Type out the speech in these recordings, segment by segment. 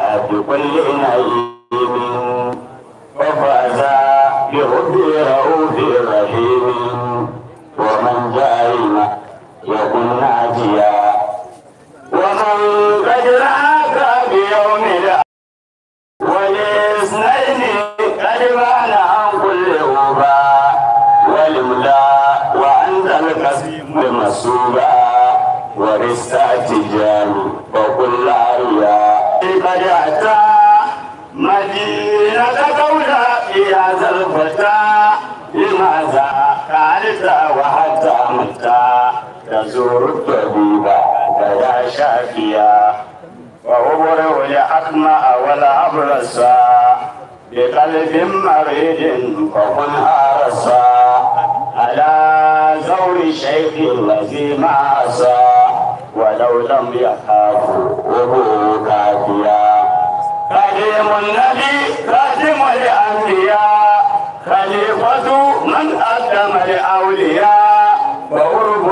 بكل نعيم وفاز بحب رؤوف رحيم ومن جاهل يكن ناجيا ومن قد راك بيوم ولسنين قد بان عن كل أوبا ولملا وعند القسم مسوبا ورثت جاني وكل تأمتا تزور الطبيبة فلا شافيا وأبرئ الأكمأ والأبرص بقلب مريض فكن أرصا على زور الشيخ الذي ما عصى ولو لم يخاف وهو كافيا خادم النبي خادم الأنبياء خليفة من أقدم لأولياء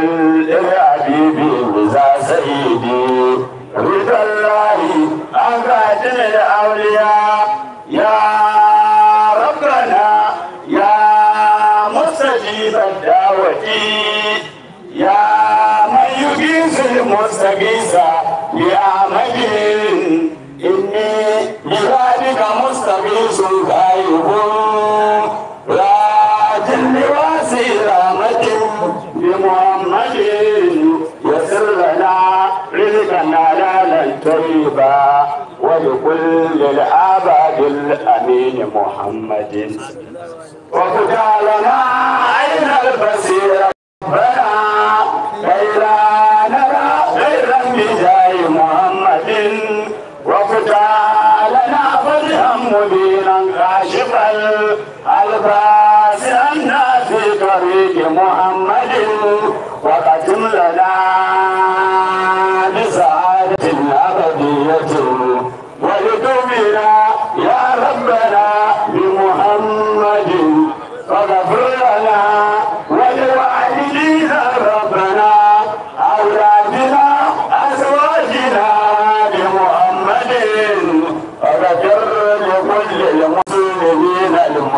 للحبيب ذا سيدي رضا الله عن خاتم الأولياء يا ربنا يا مستجيب الدعوة يا من يجيز المستغيث بأمله إني بذلك مستغيث غيره ولكل العباد الأمين محمد وجعلنا عين البصيرة ربنا ليلا نرى غير بجاه محمد وجعلنا فرحا مبينا كاشفا الباس أنا في طريق محمد وقد لنا بسعادة الله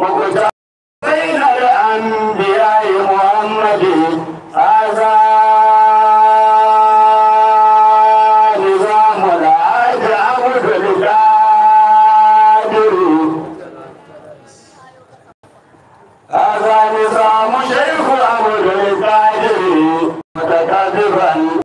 Mukjizat ini ada Nabi Muhammad. Aza